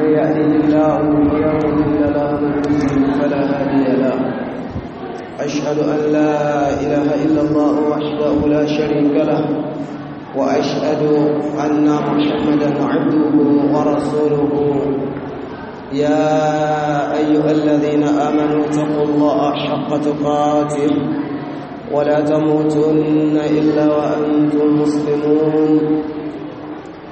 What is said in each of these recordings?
من يهدي الله فلا مضل له ومن فلا هادي له أشهد أن لا إله إلا الله وحده لا شريك له وأشهد أن محمدا عبده ورسوله يا أيها الذين آمنوا اتقوا الله حق تقاته ولا تموتن إلا وأنتم مسلمون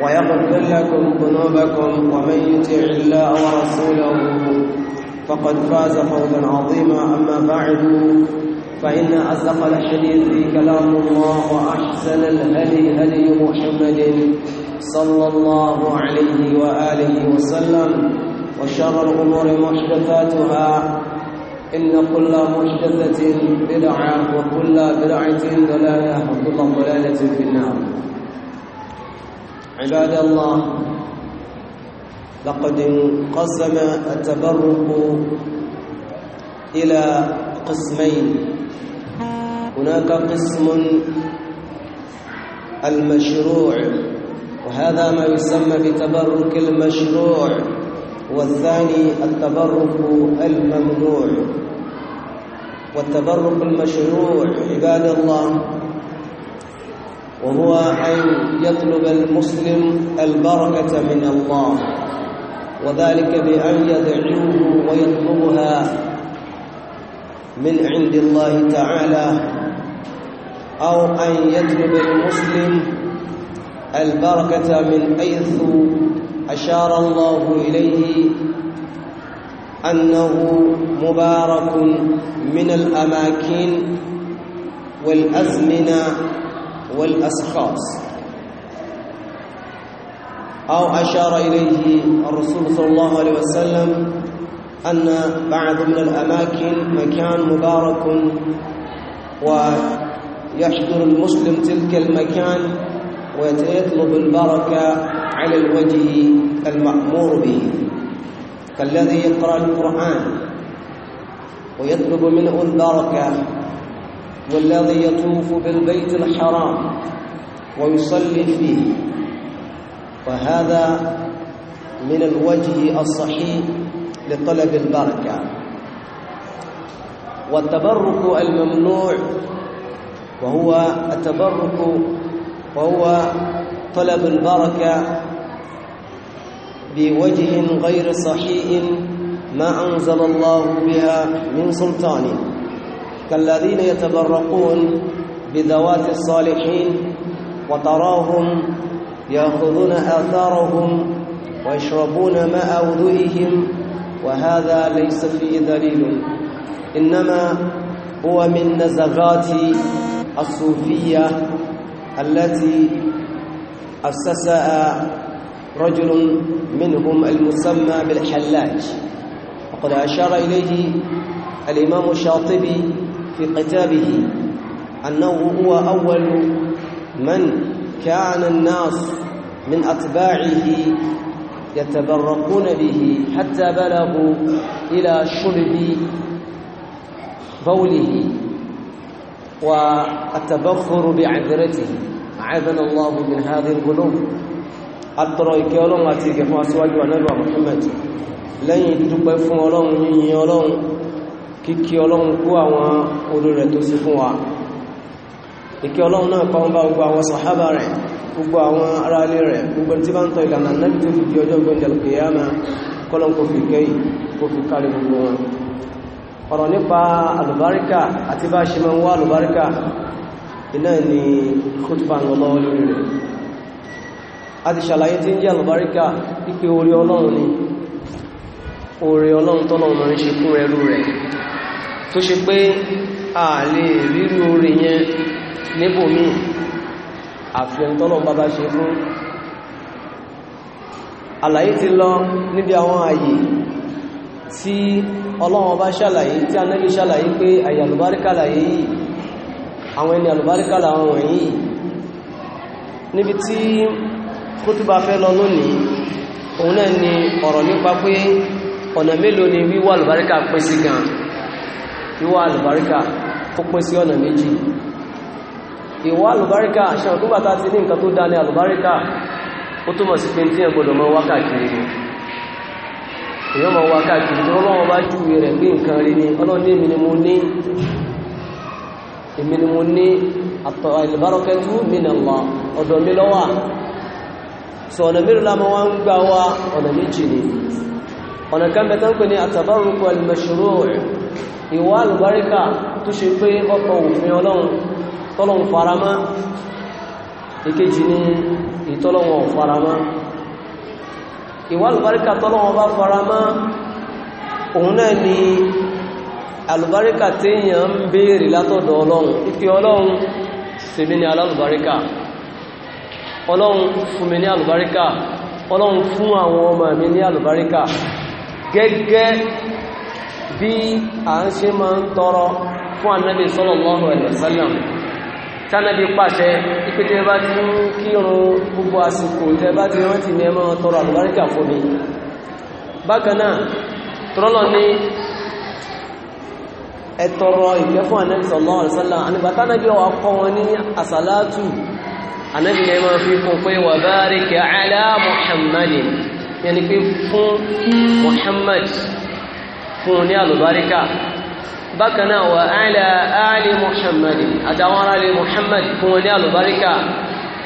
ويغفر لكم ذنوبكم ومن يطع الله ورسوله فقد فاز فوزا عظيما اما بعد فان اصدق الحديث كلام الله واحسن الهدي هدي محمد صلى الله عليه واله وسلم وشر الامور محدثاتها ان كل محدثه بدعه وكل بدعه ضلاله وكل ضلاله في النار عباد الله لقد انقسم التبرك إلى قسمين هناك قسم المشروع وهذا ما يسمى بتبرك المشروع والثاني التبرك الممنوع والتبرك المشروع عباد الله وهو أن يطلب المسلم البركة من الله وذلك بأن يدعوه ويطلبها من عند الله تعالى أو أن يطلب المسلم البركة من حيث أشار الله إليه أنه مبارك من الأماكن والأزمنة والأشخاص أو أشار إليه الرسول صلى الله عليه وسلم أن بعض من الأماكن مكان مبارك ويحضر المسلم تلك المكان ويطلب البركة على الوجه المأمور به كالذي يقرأ القرآن ويطلب منه البركة والذي يطوف بالبيت الحرام ويصلي فيه وهذا من الوجه الصحيح لطلب البركة والتبرك الممنوع وهو التبرك وهو طلب البركة بوجه غير صحيح ما أنزل الله بها من سلطانه كالذين يتبرقون بذوات الصالحين وتراهم يأخذون آثارهم ويشربون ماء وضوئهم وهذا ليس فيه دليل إنما هو من نزغات الصوفية التي أسسها رجل منهم المسمى بالحلاج وقد أشار إليه الإمام الشاطبي في كتابه أنه هو أول من كان الناس من أتباعه يتبرقون به حتى بلغوا إلى شرب بوله والتبخر بعذرته عذن الله من هذه القلوب أترك ìkẹ́ ọlọ́run فأسواج ìkẹ́ محمد لن يتبع Muhammad من يرون kíkí ọlọ́run kú àwọn orú rẹ̀ tó sí fún wa ìkẹ́ ọlọ́run náà kọ́ ń bá gbogbo àwọn sàhábà rẹ̀ gbogbo àwọn aráalé rẹ̀ gbogbo tí bá ń tọ́ ìlànà náà tó fi di ọjọ́ gbọ́njẹ̀lùkìyàmá kọ́lọ́n kò fi kẹ́yì kò fi oore ọlọ́run tọ́lọ́run máa ń ṣe fún ẹrú rẹ̀ tó ṣe pé a lè ríru oore yẹn níbòmí àfihàn tọ́lọ́run bá bá ṣe fún àlàyé ti lọ níbi àwọn àyè tí ọlọ́run bá ṣàlàyé tí anábì ṣàlàyé pé àyè àlùbáríkàlà yìí àwọn ẹni àlùbáríkàlà àwọn wọ̀nyí níbi tí kútùbà fẹ́ lọ lónìí ọ̀rọ̀ nípa ọ̀nà mélòó ni wíwá àlùbáríkà pín sí gan wíwá àlùbáríkà ó pín sí ọ̀nà méjì àlùbáríkà tó ti ní nǹkan tó dá ní àlùbáríkà ó túnmọ̀ sí pé tí ẹ̀ gbọdọ̀ mọ́ wákàkiri ni ni ni ọ̀dọ̀ mi lọ́wà sọ ọ̀nà lámọ́ ń gbá wá ọ̀nà méjì ọ̀nà kan bẹ̀ tó ń pè ní àtàbárùkù alìmẹ̀ṣòro ìwà alùbáríkà tó ṣe pé ọkọ̀ òfin ọlọ́run tọ́lọ̀un faramá ìkejì ní ìtọ́lọ̀wọ̀n faramá ìwà alùbáríkà tọ́lọ̀wọ̀n bá faramá òun náà ni alùbáríkà téèyàn ń béèrè látọ̀dọ̀ ọlọ́run ìfẹ́ ọlọ́run sèmi fún àwọn ọmọ mi ní alùbáríkà gẹ́gẹ́ bí a ń ṣe máa ń tọrọ fún anábì sallallahu alaihi wasallam tánàbí pàṣẹ ìpètè bá ti ń kírun gbogbo àsìkò tẹ bá ti rántí ní ẹmọ́ tọrọ àlùbáríkà fún mi bákanáà tọ́lọ́ ní ẹ̀tọ̀rọ̀ ìfẹ́ yẹn ni pé fún Muhammad fún ní àlùbáríkà bákan náà wà áìlà áìlì Muhammad àtàwọn ará lè Muhammad fún ní àlùbáríkà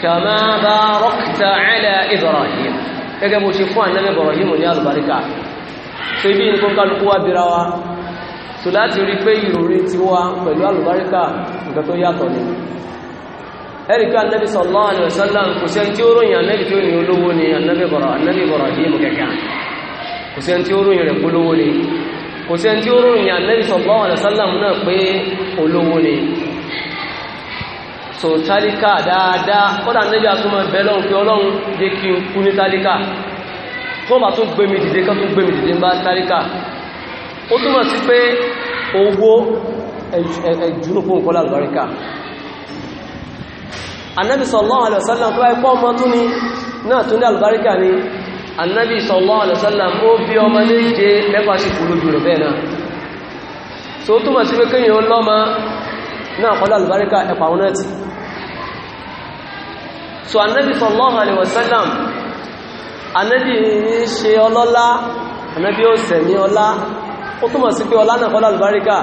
kàmá barakta ala Ibrahim gẹ́gẹ́ bó ṣe fún ànábì Ibrahim ní àlùbáríkà so ibi ní kó wá bira wa láti rí pé ìròrí tiwa pẹ̀lú àlùbáríkà nǹkan tó yàtọ̀ ni ẹ̀ríkà annabi sallallahu alaihi wasallam kò sí ẹni tí ó ròyìn annabi tó ní olówó ni annabi Ibrahim gẹ̀gà kò sí ẹni tí ó ròyìn rẹ̀ polówó ni kò sí ẹni tí ó ròyìn annabi sallallahu alaihi wasallam náà pé olówó ni so tálíkà dáadáa kọ́dà annabi atúmọ̀ bẹ́lọ́n pé annabi sallallahu alaihi wasallam tó ẹkọ́ ọmọ tún ni náà tún ní alùbáríkà ni annabi sallallahu alaihi wasallam ó bí ọmọ léje mẹ́fà sí kúròjù rẹ̀ bẹ́ẹ̀ náà so túnmọ̀ sí pé kíyàn lọ́mọ náà kọ́lá alùbáríkà ẹ̀pà wọn náà ti so annabi sallallahu alaihi wasallam annabi ń ṣe ọlọ́lá annabi ó sẹ̀mí ọlá ó túnmọ̀ sí pé ọlá náà kọ́lá alùbáríkà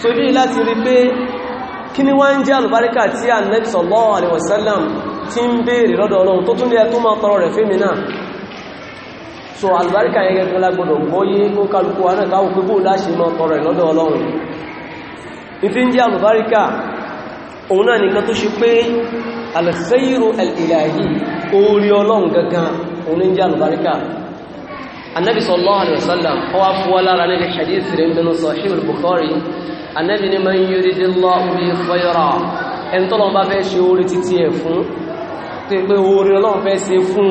so bí láti rí pé kí ni wọ́n ń jẹ́ alùbáríkà tí Ànábì sallallahu alaihi wasallam tí ń bèèrè lọ́dọ̀ Ọlọ́run tó tún lé ẹtún máa tọrọ rẹ̀ fẹ́mi náà so alùbáríkà yẹn gẹ́gẹ́ lágbọ́dọ̀ gbọ́yé kó kálukú wa náà káwò pé bó láṣe máa tọrọ rẹ̀ lọ́dọ̀ Ọlọ́run ìfi ń jẹ́ alùbáríkà òun náà النبي صلى الله عليه وسلم هو أفوال عن الحديث من صحيح البخاري النبي من يريد الله به خيرا ẹni tọ́lọ̀ bá fẹ́ ṣe orí títí ẹ̀ fún tí pé orí ọlọ́run fẹ́ ṣe fún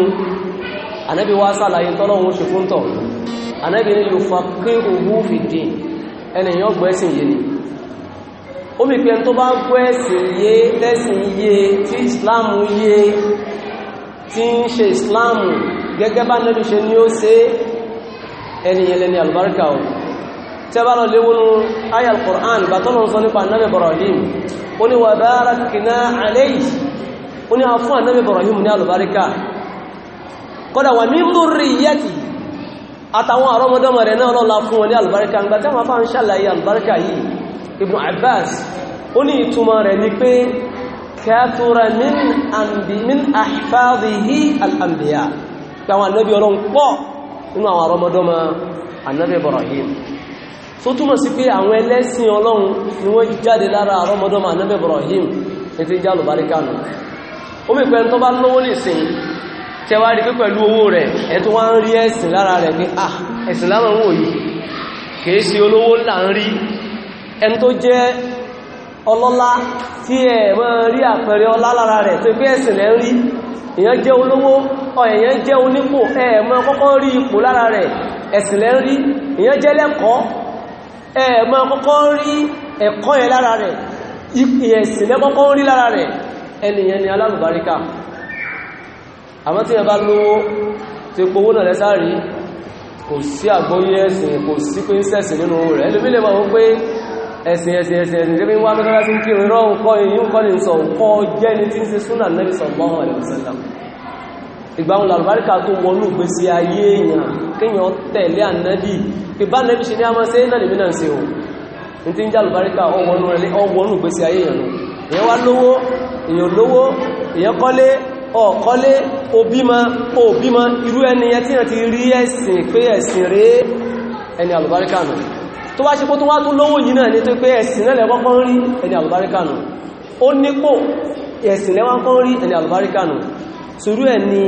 ànábí wá sàlàyé tọ́lọ̀run ṣe fún tọ̀ ànábí ní yóò fa kí òhú fìdí ẹnìyàn gbẹ́sìn yé ni ó mi pé tó bá gbẹ́sìn yé lẹ́sìn yé tí ìsìláàmù yé tí ń ṣe ìsìláàmù gẹ́gẹ́ bá nẹ́bí ṣe ní ó ṣe é ẹni yẹn lẹ́ni albarka o tí a bá lọ léwónú ayal Qur'an bá tọ́lọ̀ sọ nípa annabi Ibrahim ó ní wà barakna alayhi ó ní a fún annabi Ibrahim ní albarka kọ́dà wà min dhurriyyati àtàwọn àrọmọdọ́mọ rẹ̀ náà lọ́la fún wọn ní albarka ń gbà tí a máa fà ń ṣàlàyé nínú àwọn arọmọdọ́mọ annabi ibrahim so túmọ̀ sí pé àwọn ẹlẹ́sìn ọlọ́run ni wọ́n jáde lára arọmọdọ́mọ annabi ibrahim ní ti jálù baríkánù ó mẹ́ pẹ́ntọ́ bá lówó nìsìn tẹwàá rí pé pẹ̀lú owó rẹ̀ ẹ̀tọ́ wá rí ẹ̀sìn lára rẹ̀ pé ah ẹ̀sìn lára ń wò yìí kìí sí olówó ńlá ń rí ẹni tó jẹ́ ọlọ́lá tí ẹ̀ mọ́ rí àpẹẹrẹ jẹ́ olówó ọ̀yẹ̀yàn jẹ́ onípò ẹ̀ẹ̀mọ́ kọ́kọ́ rí ipò lára rẹ̀ ẹ̀sìnlẹ̀ ń rí èyàn jẹ́ lẹ́kọ́ ẹ̀ẹ̀mọ́ kọ́kọ́ rí ẹ̀kọ́ yẹn lára rẹ̀ ẹ̀sìnlẹ̀ kọ́kọ́ rí lára rẹ̀ ẹnìyàn ni alálùbáríkà àmọ́ tí ẹ bá lówó tí pòwó náà lẹ́sàárí kò sí àgbóyé ẹ̀sìn kò sí pé ń sẹ̀sìn nínú rẹ̀ ẹlòmílẹ̀ wọ́n pé ẹ̀sìn ẹ̀sìn ẹ̀sìn ẹ̀sìn tí wọ́n mẹ́kọ́lá sí kí ìrọ̀ ń kọ́ èyí ń kọ́ ìgbàun làlùbáríkà tó wọnú ìgbésí ayé èèyàn kíyàn tẹ̀lé ànábì ìbá nẹ́bí ṣe ní a máa ṣe náà lèmínà ṣe o ní tí ń já lùbáríkà ọwọnú ìgbésí ayé èèyàn èèyàn wá lówó èèyàn lówó èèyàn kọ́lé ọ̀kọ́lé obímọ obímọ irú ẹni yẹn tí ti rí ẹ̀sìn pé ẹ̀sìn rẹ̀ ẹni àlùbáríkà nù tó wá ṣe kó tó wá tó lówó yìí náà ní tó pé ẹ̀sìn náà lẹ́kọ́kọ́ rí ẹni àlùbáríkà nù ó nípò ẹ̀sìn lẹ́wọ́n rí ẹni àlùbáríkà sùúrù ẹ̀ ni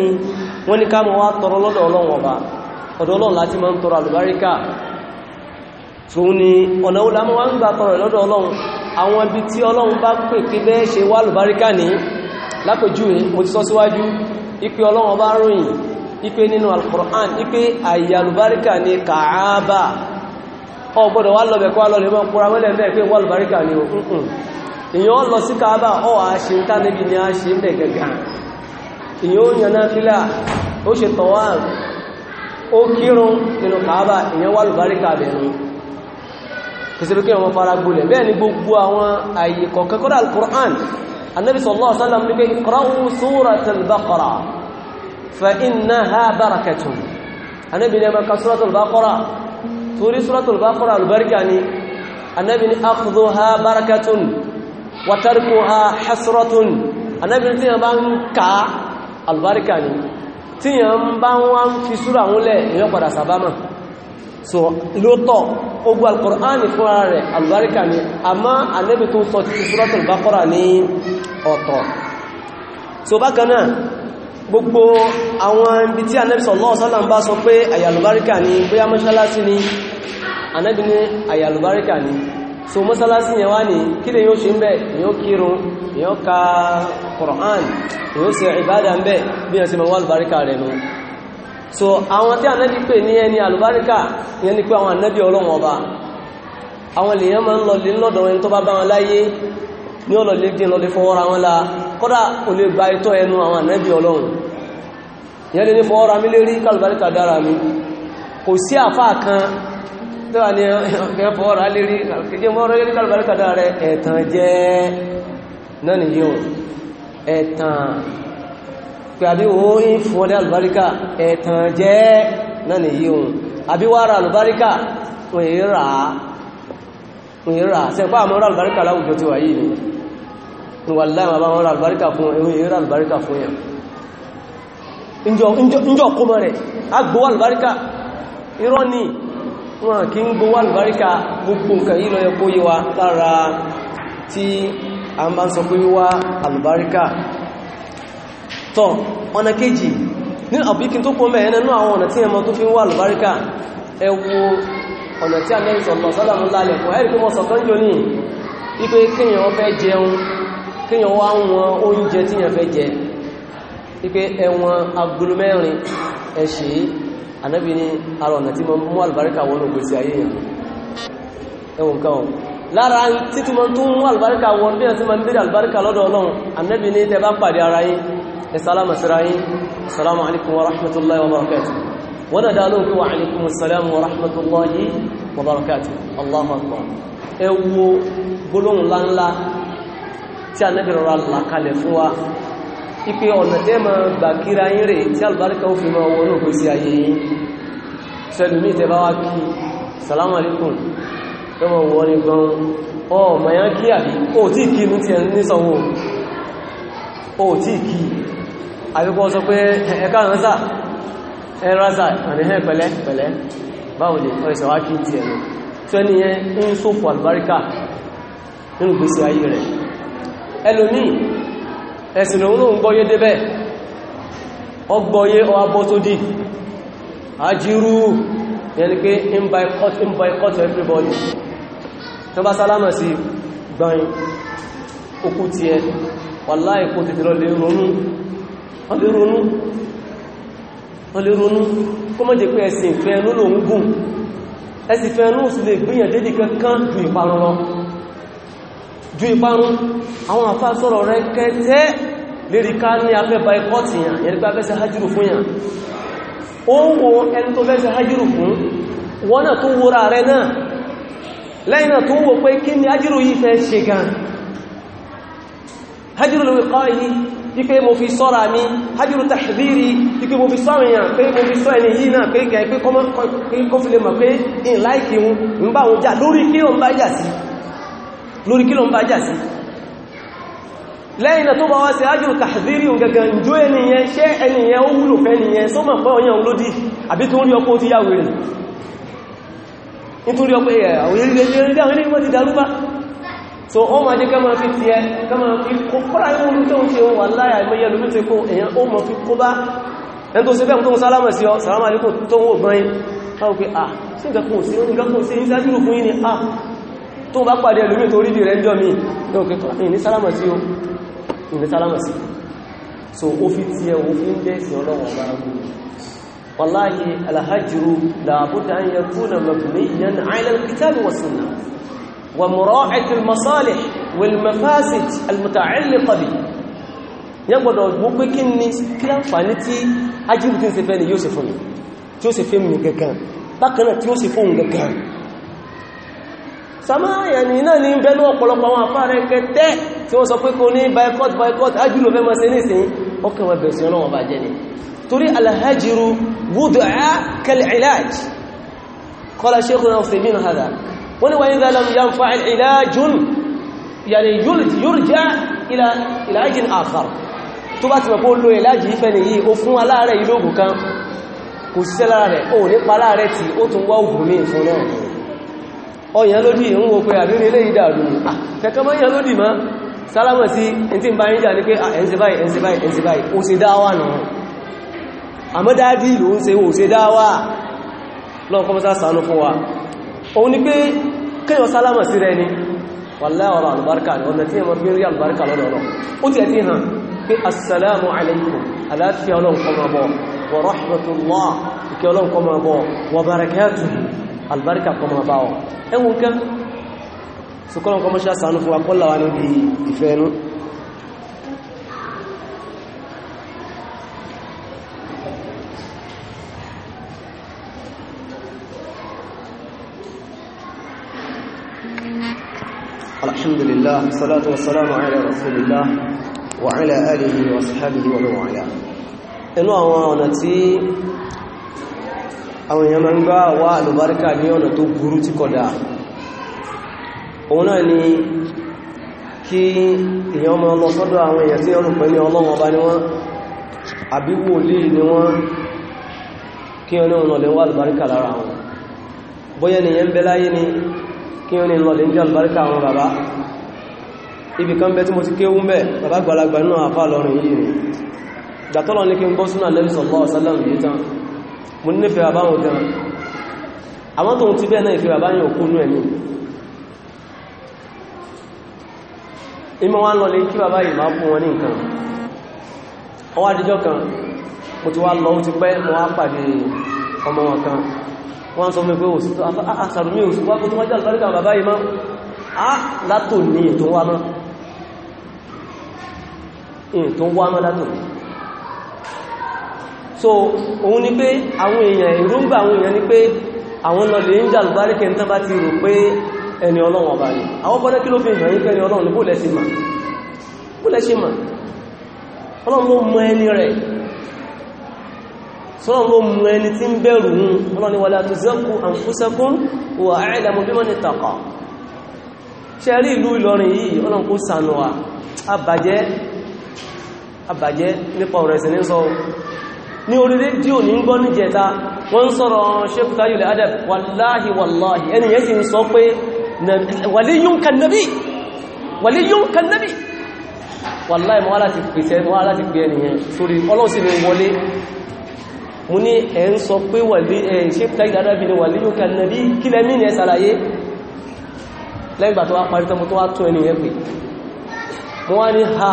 wọ́n ní ká mọ̀ wá tọrọ lọ́dọ̀ ọlọ́run ọba ọ̀dọ̀ ọlọ́run láti máa ń tọrọ àlùbáríkà fún ni ọ̀nà ó lámọ́ wá ń gbà tọrọ lọ́dọ̀ ọlọ́run àwọn ibi tí ọlọ́run bá pè kí bẹ́ẹ̀ ṣe wá àlùbáríkà ní lápèjú mo ti sọ síwájú ipe ọlọ́run ọba ròyìn ipe nínú alkùrán ipe àyè àlùbáríkà ní èyàn ó yànná fílà ó ṣe tọ̀wà ó kírun nínú kàábà èyàn wà lùbáríkà bẹ̀rún kìsìríkì ọmọ fara gbolẹ̀ bẹ́ẹ̀ ni gbogbo àwọn àyè kọ̀ọ̀kan kọ́dà al-Qur'an annabi sallallahu alaihi wasallam ní pé iqra'u suratul baqara fa innaha barakatun annabi ní maka suratul baqara torí suratul baqara albarka ni annabi ní albarika ni tí yàn ń bá wá fi súra múlẹ̀ èyàn padà sàbámà so lóòtọ́ ogun al-Qur'an fún ara rẹ̀ albarika ni àmá anẹ́bì tó sọ ti Suratul Baqara ní ọ̀tọ̀ so bákanáà gbogbo àwọn ibi tí anẹ́bì sallallahu alaihi wasallam bá sọ pé àyàlùbáríkà ni so mọ́ṣálásí yẹn wá ní kí lè yóò ṣe ń Qur'an yóò ṣe ìbádà ń bẹ́ bí ẹ̀ sí ma wà lùbáríkà rẹ̀ nù so àwọn tí ànábì pè ní ẹni àlùbáríkà ìyẹn ni pé àwọn ànábì ọlọ́wọ̀n ọba àwọn lèyàn máa ń lọlé lọ́dọ̀ ẹni tó bá bá wọn láyé ní ọlọ́lé dín lọlé fọwọ́ra wọn la kọ́dà o lè gba ẹ̀tọ́ ẹnu àwọn ànábì ọlọ́run ìyẹn lè ní fọwọ́ra mi lérí kálùbáríkà dára mi kò sí àfáà kan tó wà ní ẹ̀fọ́ra lérí kálùbáríkà dára rẹ̀ ẹ̀tàn jẹ́ náà nìyí ẹ̀tàn pé àbí o ń fún ọdẹ alùbáríkà ẹ̀tàn jẹ́ náà nìyí ohun àbí wá ra alùbáríkà òyìnrà sẹ́pá àmọ́ra alùbáríkà láwùjọ ti wà yìí ni wà láìmà bá wọ́n ra alùbáríkà fún òyìnrà alùbáríkà fún yà ìjọ kọmọ rẹ̀ agbówà alùbáríkà irọ́ ni wọn kí ń gbówà alùbáríkà gbogbo nǹkan yìí lọ yẹ kó yíwa lára tí a máa sọ pé wá albarika tọ́ ọ̀nà kejì ní àbíkí tó pọ̀ mẹ́ẹ̀ẹ́ nínú àwọn ọ̀nà tí ẹmọ tó fi ń wá albarika ẹ wo ọ̀nà tí a mẹ́rin sọ̀tọ̀ sọ́dàmù lálẹ̀ fún ẹ̀rí pé mọ́ sọ̀tọ́ jò ní ipé kíyàn fẹ́ jẹun kíyàn wá wọn oúnjẹ tí yàn fẹ́ jẹ ipé albarika wọnú gbèsè ayé yàn ẹwọn kan lára títúmọ̀ tó ń albarka wọn bí ẹ̀sí ma ń bèèrè albarka lọ́dọ̀ ọlọ́run annabi ní tẹ bá pàdé ara yìí ẹ̀sàlámà síra yìí assalamu alaikum wa rahmatullahi wa barakatuh wọ́n dá lóòkú wa alaikum assalamu wa rahmatullahi wa barakatuh allahu akbar ẹ wo gbólóhùn láńlá tí annabi rọra làkalẹ̀ fún wa ipe ọ̀nà tẹ́ ma gbà kíra assalamu alaikum ẹmọ wọlé gan ọ mayan kí àbí o tí kí ní ti ẹ̀ nísanwó o tí kí àbíkọ́ sọ pé ẹ̀ká ránṣà ẹ̀ránṣà àníhẹ́ pẹ̀lẹ́ pẹ̀lẹ́ báwọn lè ọ ìṣẹ̀wá kí ti ẹ̀rọ tó ẹni yẹn ń sófò àlùbáríkà nínú gbèsè ayé rẹ̀ ẹlòmíì ẹ̀sìn lòun ọ abọ́ tó tó bá sálámà sí gbọ́n okú ti ẹ wàláhì kó tètè lọ lè ronú wọ́n lè ronú kó mọ́ jẹ́ pé ẹ̀sìn fẹ́ ẹnú lòun gùn ẹ̀sìn fẹ́ ẹnú sì ju ìparun lọ ju ìparun àwọn àfá rẹ kẹtẹ kẹtẹ́ lérí ká ní afẹ́bà ikọ́tì yàn yẹn pé afẹ́sẹ̀ hajjúrù fún yàn ó wo ẹni lẹ́yìnà tó wò pé kí ni ajírò yìí fẹ́ ṣe gan hajjúrò lórí kọ́ yìí fi sọ́ra mi hajjúrò tàbírí wípé mo fi sọ́rọ̀ èèyàn pé mo fi sọ́ ẹni yìí náà pé gẹ̀ẹ́ kó fi lè mọ̀ pé in láìkí hun ń bá wọn jà lórí kí ń bá jà sí lórí kí ń bá jà sí lẹ́yìnà tó bá wá sí tàbírí gẹ̀gẹ̀ ẹniyẹn ṣẹ́ ẹniyẹn ó wúlò fẹ́ ẹniyẹn nítorí ọpẹ́ àwọn ilé àwọn ilé wọ́n ti darúgbá so ó ma jẹ́ kẹ́mọ̀ fi ti ẹ kẹ́mọ̀ fi kó fọ́lá inú orí tó ń ṣe wà láyà ìgbẹ́yẹ lórí tó kó èyàn ó mọ̀ fi kó bá ẹn tó ṣe bẹ́ẹ̀ tó ń sálámà sí ọ ah, ni ah tó bá pàdé ẹlòmí ah, so ó fi ti ẹ òfin wallahi alhajru labuda an yakuna mabniyan ala alkitab wa sunnah wa mura'at almasalih wal mafasid almuta'alliqa bi yagbodo gbogbo kini kila fani tí ajibu tin ṣe fẹ́ ni yóò ṣe fún mi tí ó ṣe fẹ́ mi gangan bákan náà tí ó ṣe fún gangan sama yani na ni nbe nu ọ̀pọ̀lọpọ̀ àwọn afare kete tí wọ́n sọ pé kò ní boycott boycott ajibu fẹ́ má ṣe nisin o kan wa be se Ọlọ́run ba je ni torí alhajiru wúdùá kal'ilaj kọ́lá ṣekúnà ọ̀fẹ́mínú hada wani wani zalam yan fa'il ilajun yàni yúrjá ilajin akhar tó bá ti mọ̀ pé ó lo ìlàjì ìfẹ́ ni yìí ó fún aláàrẹ ìlógún kan kò síṣẹ́ lára rẹ̀ ó nípa aláàrẹ tí ó tún wá ògùn mí fún náà ọ̀yàn lójú ìhún wo pé àbí onílé ìdàrú ah, kẹkẹ́ mọ́ yàn lódì mọ́ sálámọ̀ sí ẹni tí ń bá yíjà ní pé ẹ̀ẹ́sẹ̀ ah, báyìí ẹ̀ẹ́sẹ̀ báyìí ẹ̀ẹ́sẹ̀ báyìí ó ti dáwà náà àmọ́dájí ló ń ṣe òṣè dáwà lọ́n kọmọ́sá sànú fún wa òun ni pé kíyàn sálámà sí rẹ ni wàlá ọ̀rọ̀ albarka ọ̀nà tí ẹmọ́ fi rí albarka lọ́dọ̀ọ̀lọ́ ó ti ẹ̀tí hàn pé assalamu alaikum aláfíà ọlọ́nkọmọ̀bọ̀ wa الحمد لله والصلاة والسلام على رسول الله وعلى آله وصحبه ومن والاه inú àwọn ọ̀nà tí àwọn èèyàn máa ń gbá wá àlùbáríkà ní ọ̀nà tó burú tí kódà òun náà ni kí èèyàn máa lọ sọ́dọ̀ àwọn èèyàn tí ọ̀rùn pẹ̀lú ọlọ́wọ́ bá ní wọ́n àbí wòlíì ni wọ́n kí ọ ní ọ̀nà lè wá àlùbáríkà lára wọn bóyẹ́ nìyẹn bẹ láyé ni kí ó ní lọ́dẹ̀ ní albarka àwọn bàbá ibi kan bẹ tí mo ti kéwú mẹ́ bàbá gbalagbà nínú àfà lọ́rin yìí ni dàtọ́lọ́ ní kí n bọ́ súnà Nabi sallallahu alaihi wasallam yìí tán mo nífẹ̀ẹ́ ti bẹ́ẹ̀ náà ìfẹ́ wọ́n sọ mẹ́ pé òsì tó àṣàrùmí òsì wá kó tó wájá àlùbáríkà bàbá yìí máa ah, á látò ní ètò wá mọ́ ètò wá mọ́ látò so òun ni pé àwọn èèyàn ìrúgbà àwọn èèyàn ni pé àwọn lọ lè ń jà àlùbáríkà ní tánbá ti rò pé ẹni ọlọ́run ọba ni àwọn bọ́dẹ́ kí ló fi hàn yín pé ẹni ọlọ́run ní sọ́nà ló mú ẹni tí ń bẹ̀rù hún ọlọ́ni wala tuzakku anfusakum wa a'lamu biman ittaqa ṣe rí ìlú Ìlọrin yìí ọlọ́n kó sànúwà àbàjẹ́ àbàjẹ́ nípa ọ̀rọ̀ ẹ̀sìn ní sọ ní orílẹ̀ tí ò ní ń gbọ́ ní jẹta wọ́n sọ̀rọ̀ Sheikh Tajul Adab wallahi wallahi ẹni sórí ọlọ́sìn wọlé mo ní ẹ̀ ń sọ pé ṣe tẹ́gì adábi ni wà lílò kànnà bí kí lẹ́mí ní ẹsàlàyé lẹ́gbà tó wá parí tọ́mọ tó wá tún ẹni ẹgbẹ̀ mo wá ní ha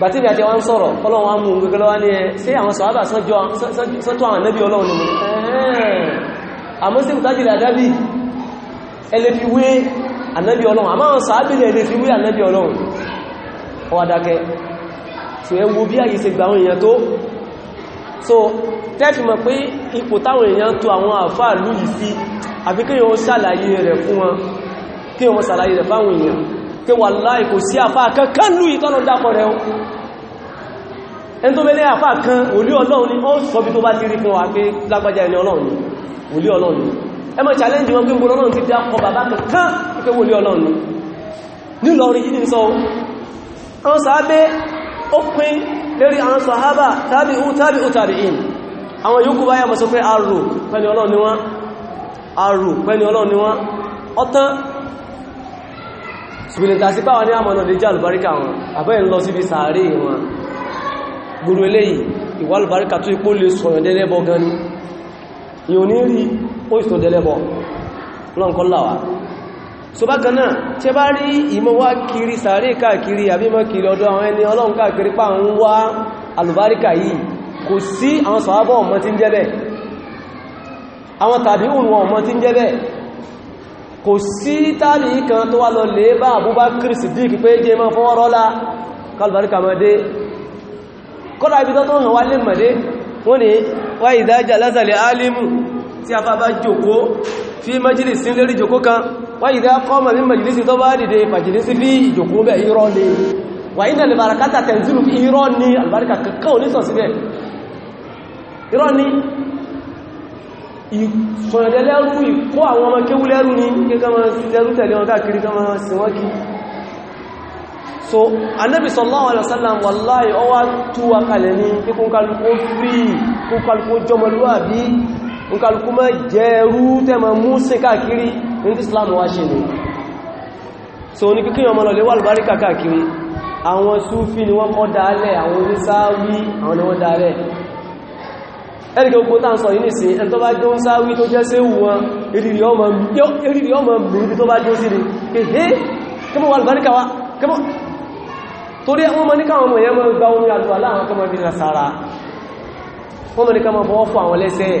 bàtí ìrìnàjẹ́ wá ń sọ̀rọ̀ ọlọ́run wá mú gẹ́gẹ́ lọ́wọ́ ní ẹ sí àwọn sọ̀hábà sọ́tọ́ àwọn nẹ́bí ọlọ́run ni àmọ́ sí ìtàjì ìrìnàjábì ẹlẹ́fiwé ànẹ́bí ọlọ́run àmọ́ àwọn sọ̀hábìlẹ̀ ẹlẹ́fiwé ànẹ́bí ọlọ́run ọwádàkẹ́ tí ẹ wo bí àyíṣe gbà àwọn èèyàn tó so tẹ́fì mọ̀ pé ipò táwọn èèyàn tó àwọn àfáà lú yìí sí àfi kí wọ́n ṣàlàyé rẹ̀ fún wọn kí wọ́n ṣàlàyé rẹ̀ fáwọn èèyàn pé wàláhì kò sí àfáà kankan lú ìtọ́nà dákọ̀ rẹ̀ ẹni tó bẹ́lẹ̀ àfáà kan òlí ọlọ́run ni ó ń sọ bí tó bá ti rí fún wa pé lágbàjá ẹni ọlọ́run ni òlí ọlọ́run ni ẹ mọ̀ challenge wọn pé gbogbo ọlọ́run ti dákọ̀ bàbá kankan pé wòlí ọlọ́run ni nílọrin yìí ní sọ ọ́n sàábé ó pín lérí àwọn sàhábà tàbí'ù tàbí'ù tàbí'ìn àwọn yòókù báyà mọ́ sọ pé arò pẹ́ni ọlọ́run ni wọ́n arò pẹ́ni ọlọ́run ni wọ́n ọtán ṣùgbìnìta sí báwọn ní àmọ̀nà lè jẹ́ alùbáríkà wọn àbẹ́ ń lọ síbi sàárè wọn gbogbo eléyìí ìwà alùbáríkà tó ipò lè sọ̀yàn dẹ́lẹ́bọ gan ni ìyò ní rí ó ìsọ̀ dẹ́lẹ́bọ lọ́nkọ́láwàá so bákan náà tí ẹ bá rí ìmọ̀ wá kiri sàárè káàkiri àbí mọ́ kiri ọ̀dọ̀ àwọn ẹni ọlọ́run káàkiri pa ń wá alùbáríkà yìí kò sí àwọn sàábọ̀ ọmọ tí ń jẹ́ bẹ́ẹ̀ àwọn tàbí òun ọmọ tí ń jẹ́ bẹ́ẹ̀ kò sí tàbí kan tó wá lọ tí a bá jòkó fi majalisi lérí jòkó kan wá ìdá kọ́mà ní majalisi tó bá dìde majalisi bí ìjòkó bẹ̀ irọ́ ni wà ìdá alìbàrakátà tẹ̀sílù irọ́ ni alìbàrakà ní sọ síbẹ̀ irọ́ ni ìsọ̀rẹ̀lẹ́lẹ́rú ìkó so anábi sallallahu alaihi wasallam wallahi ọwá túwa kalẹ̀ ní kíkún kálukó fíì nkàlùkú mọ́ jẹ́rú tẹ́mọ̀ mú sí káàkiri ní tí Islam wá ṣe ní so ní kíkí ọmọ lọ lè wà lùbáríkà káàkiri àwọn súfí ni wọ́n kọ́ dáálẹ̀ àwọn onísáwí àwọn ni wọ́n dáálẹ̀ ẹ̀rìkẹ́ ogun tàà sọ yìí sí ẹn tó bá jọ ń sáwí tó jẹ́ sí wọn ìrìrì ọmọ burúkú tó bá jọ sí rí kéhé kí mọ́ wà lùbáríkà wá kí mọ́ torí wọ́n mọ́ ní káwọn ọmọ ìyẹn mọ́ gba omi àlùwà láàrín kọmọ bí i sára wọ́n mọ́ ní ká mọ́ bọ́ fún àwọn lẹ́sẹ̀ẹ́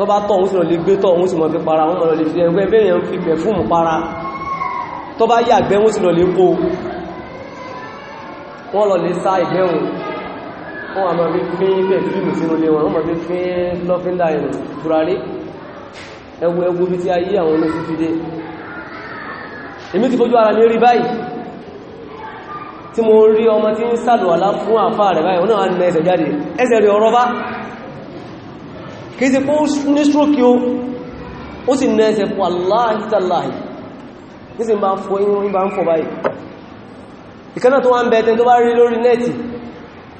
tó bá tọ̀ òun sì lọ lè gbé tọ̀ òun sì mọ̀ fi para wọn lọ lè fi ẹgbẹ́ bẹ́yàn fi pẹ̀fúmù para tó bá yàgbẹ́ wọ́n sì lọ lè kó wọ́n lọ lè sá ìgbẹ́ wọn wọ́n a máa fi fín pẹ̀fúmù sínú lé wọn wọ́n máa fi fín lọ́fíndà ìrìn turare ẹwu ẹwu bí ti ayé àwọn olóṣù ti dé èmi ti fojú ara mi rí báyìí tí mo rí ọmọ tí ń sàlùwàlá fún àfáà rẹ̀ báyìí wọ́n náà ń na ẹsẹ̀ jáde ẹsẹ̀ rẹ̀ ọ̀rọ̀ bá kìí ṣe pé ó ní stroke o ó sì ní ẹsẹ̀ fún aláàtàláì ní sì máa fọ inú ìbá ń fọ báyìí ìkẹ́nà tó wá ń bẹ̀ẹ́tẹ́ tó bá rí lórí nẹ́ẹ̀tì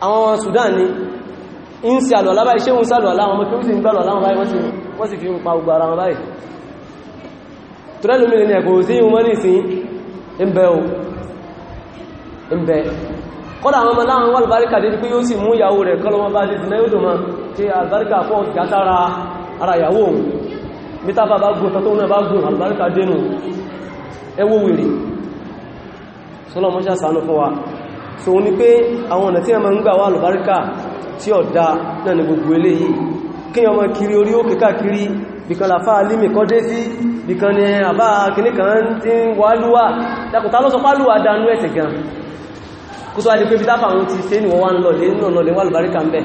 àwọn Sudan ni ń ṣe àlọ́ alábá iṣẹ́ òun sàlọ̀ aláwọn ọmọ kí ń gbàlọ̀ aláwọn báyìí wọ́n sì fi ń pa ogbà ara wọn báyìí tó rẹ́ lómi ní ẹ̀kọ́ sí ìhun mọ́rí sí o ń tí albarka fọ́ gátara ara ìyàwó òun mítàfà bá gùn tàtọ́ náà bá gùn albarka dénú ẹwọ́ wèrè sọ́lọ́mọ́ṣà sánú fọ́wà so ní pé àwọn ọ̀nà tí a máa ń gbà wá albarka tí ọ̀dá náà ni gbogbo eléyìí kí ọmọ kiri orí ó kíkà kiri bìkan làfá alímì kọ́ dé sí bìkan ni àbá kìníkan tí ń wà lúwà dákùtà lọ́sọpá lúwà dánú ẹ̀sẹ̀ gan kó tó wá di àwọn ti ṣe ní wọ́n wá ń lọ lé náà lọ lè wà lùbáríkà ń bẹ̀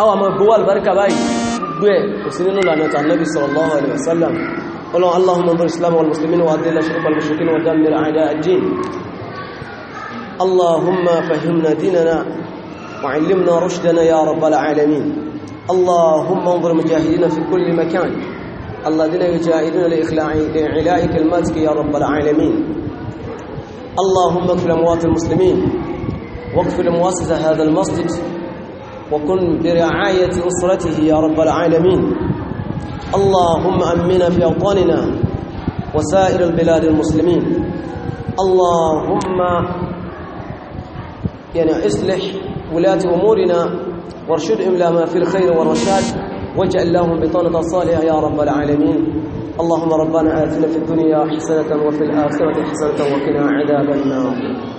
àwọn àmọ́ gbówà albarka báyìí gbé kò sí nínú lànà tàn nabi sallallahu alaihi wasallam ọlọ́run allahumma bar islam wal muslimin wa adilla shirka wal mushrikin wa dammir a'da ad-din allahumma fahimna dinana wa 'allimna rushdana ya rabbal alamin اللهم انظر مجاهدين في كل مكان الذين يجاهدون لإعلاء كلماتك يا رب العالمين اللهم اغفر اموات المسلمين واغفر مؤسس هذا المسجد وكن برعاية أسرته يا رب العالمين اللهم أمنا في أوطاننا وسائر البلاد المسلمين اللهم يعني اصلح ولاة أمورنا وارشدهم إلى ما في الخير والرشاد واجعل لهم بطانة صالحة يا رب العالمين اللهم ربنا آتنا في الدنيا حسنة وفي الآخرة حسنة وقنا عذاب النار